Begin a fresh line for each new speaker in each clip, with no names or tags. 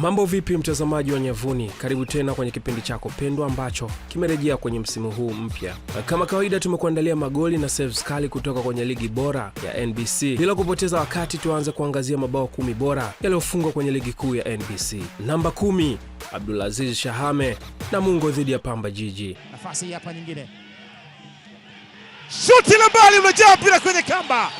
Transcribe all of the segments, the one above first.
Mambo vipi, mtazamaji wa Nyavuni? Karibu tena kwenye kipindi chako pendwa ambacho kimerejea kwenye msimu huu mpya. Kama kawaida, tumekuandalia magoli na saves kali kutoka kwenye ligi bora ya NBC. Bila kupoteza wakati, tuanze kuangazia mabao kumi bora yaliyofungwa kwenye ligi kuu ya NBC. Namba kumi, Abdulaziz Shahame na Mungo dhidi ya Pamba Jiji.
Nafasi hapa nyingine, shuti la mbali, mpira kwenye kamba.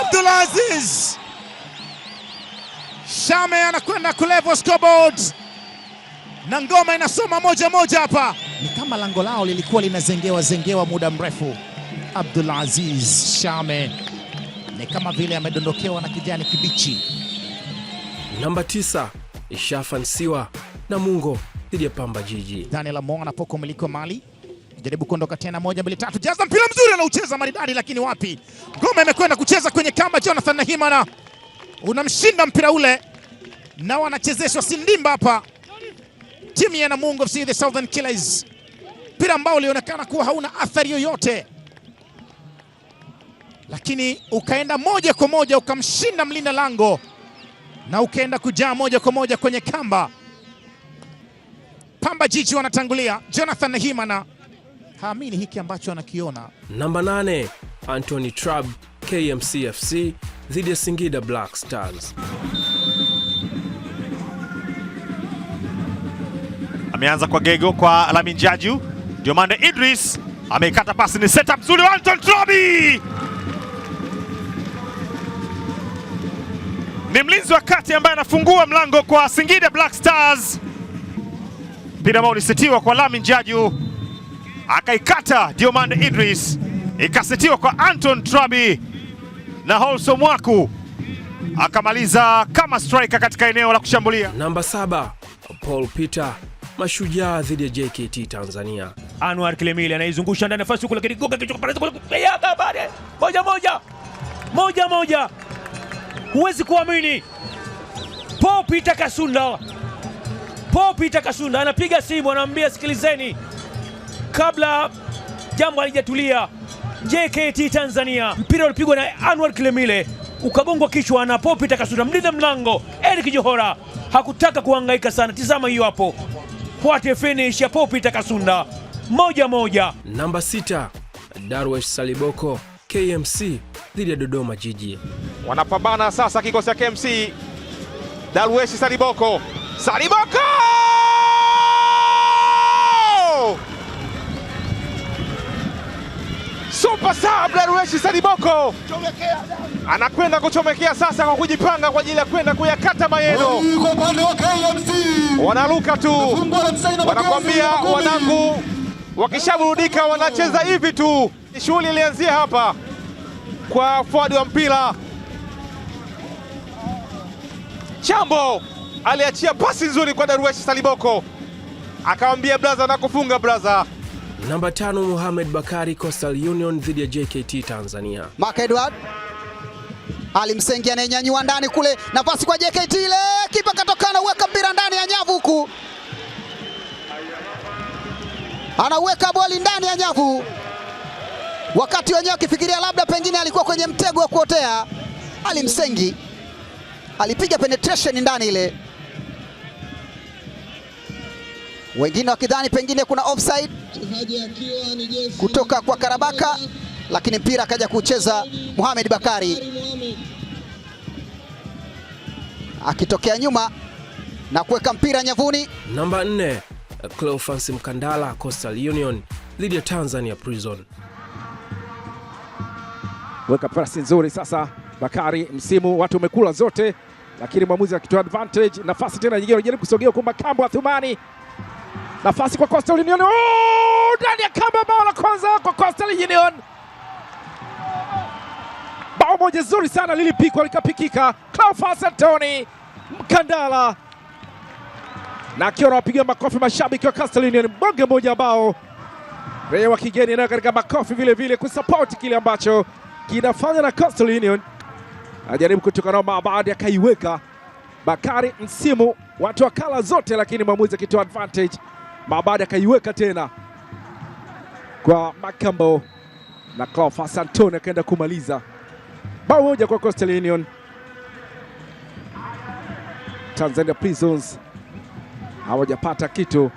Abdulaziz Shame anakwenda kulevwa scoreboard na ngoma inasoma moja moja. Hapa ni kama lango lao lilikuwa linazengewa zengewa muda mrefu. Abdul Aziz Shame ni kama vile amedondokewa na kijani kibichi.
Namba tisa ishafansiwa na Mungo dhidi ya Pamba Jiji.
Daniel Amo anapoka umiliki wa mali, jaribu kuondoka tena, moja mbili tatu, jaza mpira mzuri, anaucheza maridadi, lakini wapi, ngoma imekwenda kucheza kwenye kamba. Jonathan Nahimana unamshinda mpira ule na wanachezeshwa sindimba hapa timu ya Namungo FC the Southern Killers, mpira ambao ulionekana kuwa hauna athari yoyote, lakini ukaenda moja kwa moja ukamshinda mlinda lango na ukaenda kujaa moja kwa moja kwenye kamba. Pamba Jiji wanatangulia, Jonathan Nahimana haamini hiki ambacho anakiona.
Namba nane Anthony Trab KMCFC dhidi ya Singida Black Stars.
Ameanza kwa Gego kwa Lamin Jaju, Diomande Idris ameikata pasi, ni setup nzuri Anton Trobi, ni mlinzi wa kati ambaye anafungua mlango kwa Singida Black Stars. Mpira ambao ulisetiwa kwa Lamin Jaju akaikata Diomande Idris, ikasetiwa kwa Anton Trobi na Holso Mwaku akamaliza kama striker katika eneo la kushambulia.
Namba saba Paul Peter Mashujaa dhidi ya JKT Tanzania.
Anwar Kilemile anaizungusha ndani nafasi huko, lakini Goga moja moja moja moja, huwezi kuamini. Paul Peter Kasunda, Paul Peter Kasunda anapiga simu, anaambia sikilizeni, kabla jambo halijatulia JKT Tanzania. Mpira ulipigwa na Anwar Kilemile ukagongwa kichwa, na popita kasura mlinda mlango Eric Johora hakutaka kuhangaika sana. Tizama hiyo hapo, what a finish ya Popita Kasunda, moja moja.
Namba sita Darwesh Saliboko KMC dhidi ya Dodoma Jiji,
wanapambana sasa, kikosi cha KMC Darwesh Saliboko, Saliboko Super sub Darweshi Saliboko anakwenda kuchomekea sasa kwa kujipanga kwa ajili ya kwenda kuyakata mayeno Wanaruka tu, wanakwambia wanangu, wakishaburudika wanacheza hivi tu. Shughuli ilianzia hapa kwa fuadi wa mpira Chambo aliachia pasi nzuri kwa darueshi Saliboko, akamwambia braza, nakufunga braza.
Namba tano muhamed Bakari Coastal Union dhidi ya JKT Tanzania.
Mark Edward Ali Msengi anayenyanyua ndani kule, nafasi kwa JKT ile, kipa katokana, uweka mpira ndani ya nyavu huku, anauweka boli ndani ya nyavu, wakati wenyewe akifikiria labda pengine alikuwa kwenye mtego wa kuotea. Ali Msengi alipiga penetration ndani ile wengine wakidhani pengine kuna offside kutoka kwa Karabaka, lakini mpira akaja kucheza Mohamed Bakari akitokea nyuma na kuweka mpira nyavuni.
Namba 4 Cleophas Mkandala, Coastal Union dhidi ya Tanzania Prison.
Weka pasi nzuri sasa Bakari, msimu watu umekula zote, lakini mwamuzi akitoa advantage, nafasi tena nyingine, kusogea kwa Makambo Athumani nafasi kwa Coastal Union oh, ndani ya kamba, bao la kwanza kwa Coastal Union. Bao moja zuri sana lilipikwa likapikika. Cleophas Antony Mkandala na akiwa anawapigia makofi mashabiki wa Coastal Union, bonge moja bao raia wa kigeni nayo katika makofi vile vile kusapoti kile ambacho kinafanya na Coastal Union ajaribu kutoka nao ya kaiweka Bakari Msimu watu wakala zote, lakini mwamuzi akitoa advantage. Mabadi akaiweka tena kwa Makambo na Cleophas Antony akaenda kumaliza bao moja kwa Coastal Union. Tanzania Prisons hawajapata kitu. Uh,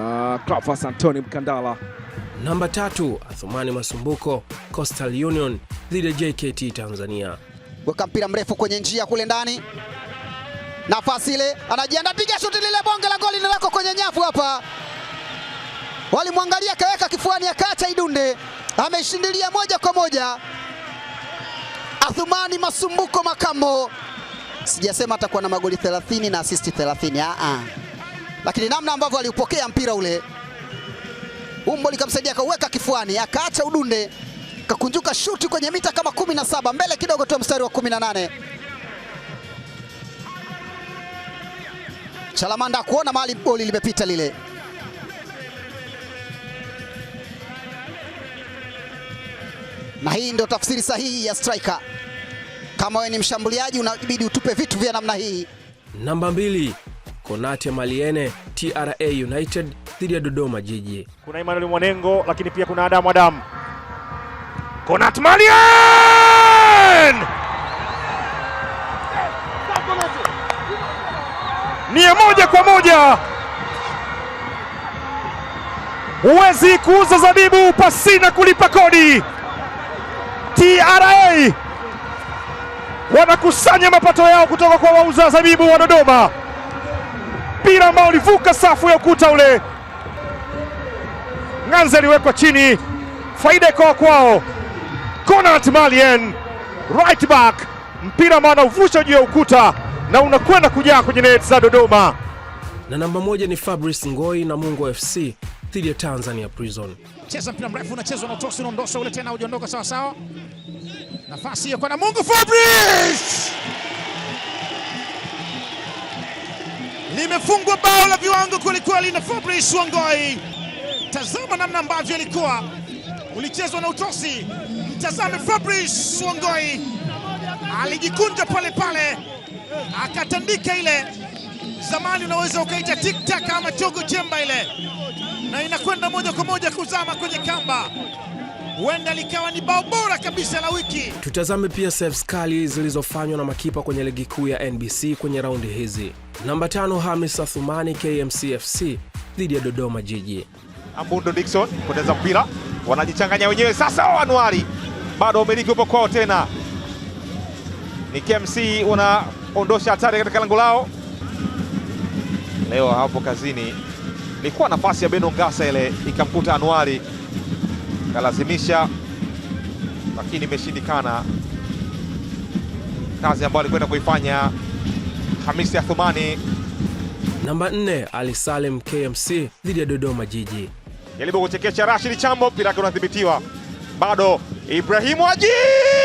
ah, Cleophas Antony Mkandala
namba tatu. Athumani Masumbuko, Coastal Union dhidi ya JKT Tanzania,
weka mpira mrefu kwenye njia kule ndani nafasi ile, anajiandaa piga shuti lile, bonge la goli lako kwenye nyavu hapa. Walimwangalia akaweka kifuani, akaacha idunde, ameshindilia moja kwa moja. Athumani Masumbuko Makambo, sijasema atakuwa na magoli 30 na asisti 30, a a, lakini namna ambavyo aliupokea mpira ule, umbo likamsaidia, akauweka kifuani, akaacha udunde, kakunjuka shuti kwenye mita kama 17 mbele kidogo tu mstari wa 18. chalamanda kuona mali boli limepita lile. Na hii ndio tafsiri sahihi ya striker. Kama wewe ni mshambuliaji unabidi utupe vitu vya namna hii.
Namba mbili, Konate Maliene TRA United dhidi ya Dodoma Jiji.
Kuna Emmanuel Mwanengo lakini pia kuna Adamu Adamu. Konate Maliene! ni ya moja kwa moja. Huwezi kuuza zabibu pasina kulipa kodi. TRA wanakusanya mapato yao kutoka kwa wauza zabibu wa Dodoma. Mpira ambao ulivuka safu ya ukuta ule, Ng'anze aliwekwa chini, faida ikawa kwao. Konat Malien right back, mpira ambao anauvusha juu ya ukuta na unakwenda kujaa kwenye neti za Dodoma.
Na namba moja ni Fabrice Ngoi na Mungu FC dhidi ya Tanzania Prison.
Cheza mpira mrefu unachezwa na utosi unaondosha ule tena hujaondoka sawa sawa. Nafasi hiyo kwa Namungu Fabrice. Limefungwa bao la viwango kwelikweli na Fabrice Wangoi. Tazama namna ambavyo alikuwa ulichezwa na utosi. Mtazame Fabrice Wangoi alijikunja pale pale akatandika ile zamani, unaweza ukaita tiktak ama chogo chemba ile, na inakwenda moja kwa moja kuzama kwenye kamba huenda likawa ni bao bora kabisa la wiki.
Tutazame pia saves kali zilizofanywa na makipa kwenye ligi kuu ya NBC kwenye raundi hizi. Namba tano, Hamis Athumani KMCFC dhidi ya Dodoma Jiji.
Ambundo Dickson poteza mpira, wanajichanganya wenyewe sasa. O, oh, Anuari bado wamiliki upo kwao tena, ni KMC una ondosha hatari katika lango lao. Leo hapo kazini ilikuwa nafasi ya Beno Ngasa ile ikamkuta Anuari kalazimisha, lakini imeshindikana kazi ambayo alikwenda kuifanya Hamisi Athumani.
Namba 4 Ali Salem KMC dhidi ya Dodoma Jiji,
jaribu kuchekesha Rashid Chambo, mpira wake unadhibitiwa bado, Ibrahimu Ajii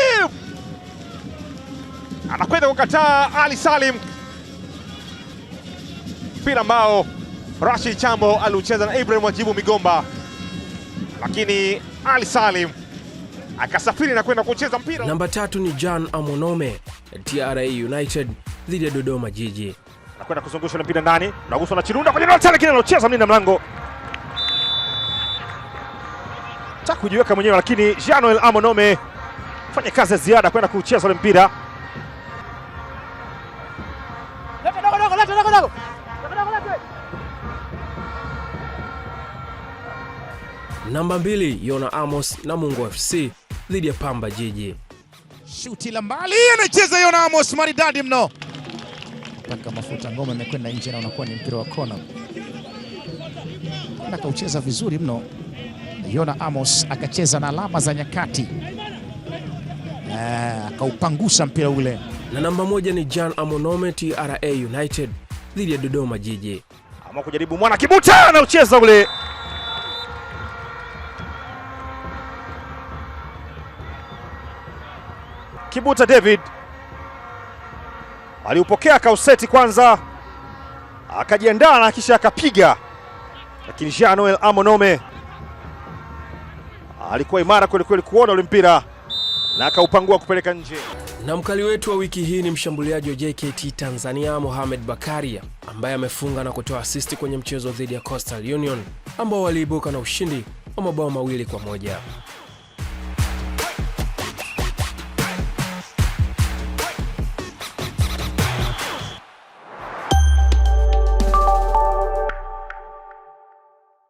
anakwenda kukataa Ali Salim, mpira ambao Rashid Chambo aliucheza na Ibrahim Wajibu Migomba, lakini Ali Salim akasafiri na kwenda kucheza mpira.
Namba tatu ni Jan Amonome TRA United dhidi ya Dodoma Jiji,
anakwenda kuzungusha mpira ndani, naguswa na Chirunda kwenye nota, lakini anaocheza mlinda mlango takujiweka mwenyewe, lakini Janoel Amonome fanya kazi ya ziada kwenda kucheza ule mpira.
Namba mbili, Yona Amos na Mungu FC dhidi ya Pamba Jiji.
Shuti la mbali anacheza Yona Amos maridadi mno. Paka mafuta ngoma imekwenda nje na unakuwa ni mpira wa kona. Akaucheza vizuri mno. Yona Amos akacheza na alama za nyakati. Eh, akaupangusa mpira ule.
Na namba moja ni Jan Amonome TRA United dhidi ya Dodoma Jiji.
Ama kujaribu mwana Kibuta anaucheza ule Kibuta David aliupokea kauseti kwanza, akajiandaa na kisha akapiga, lakini Jean Noel Amonome alikuwa imara kwelikweli kuona ule mpira na akaupangua kupeleka nje.
Na mkali wetu wa wiki hii ni mshambuliaji wa JKT Tanzania Mohamed Bakaria ambaye amefunga na kutoa asisti kwenye mchezo dhidi ya Coastal Union ambao waliibuka na ushindi wa mabao mawili kwa moja.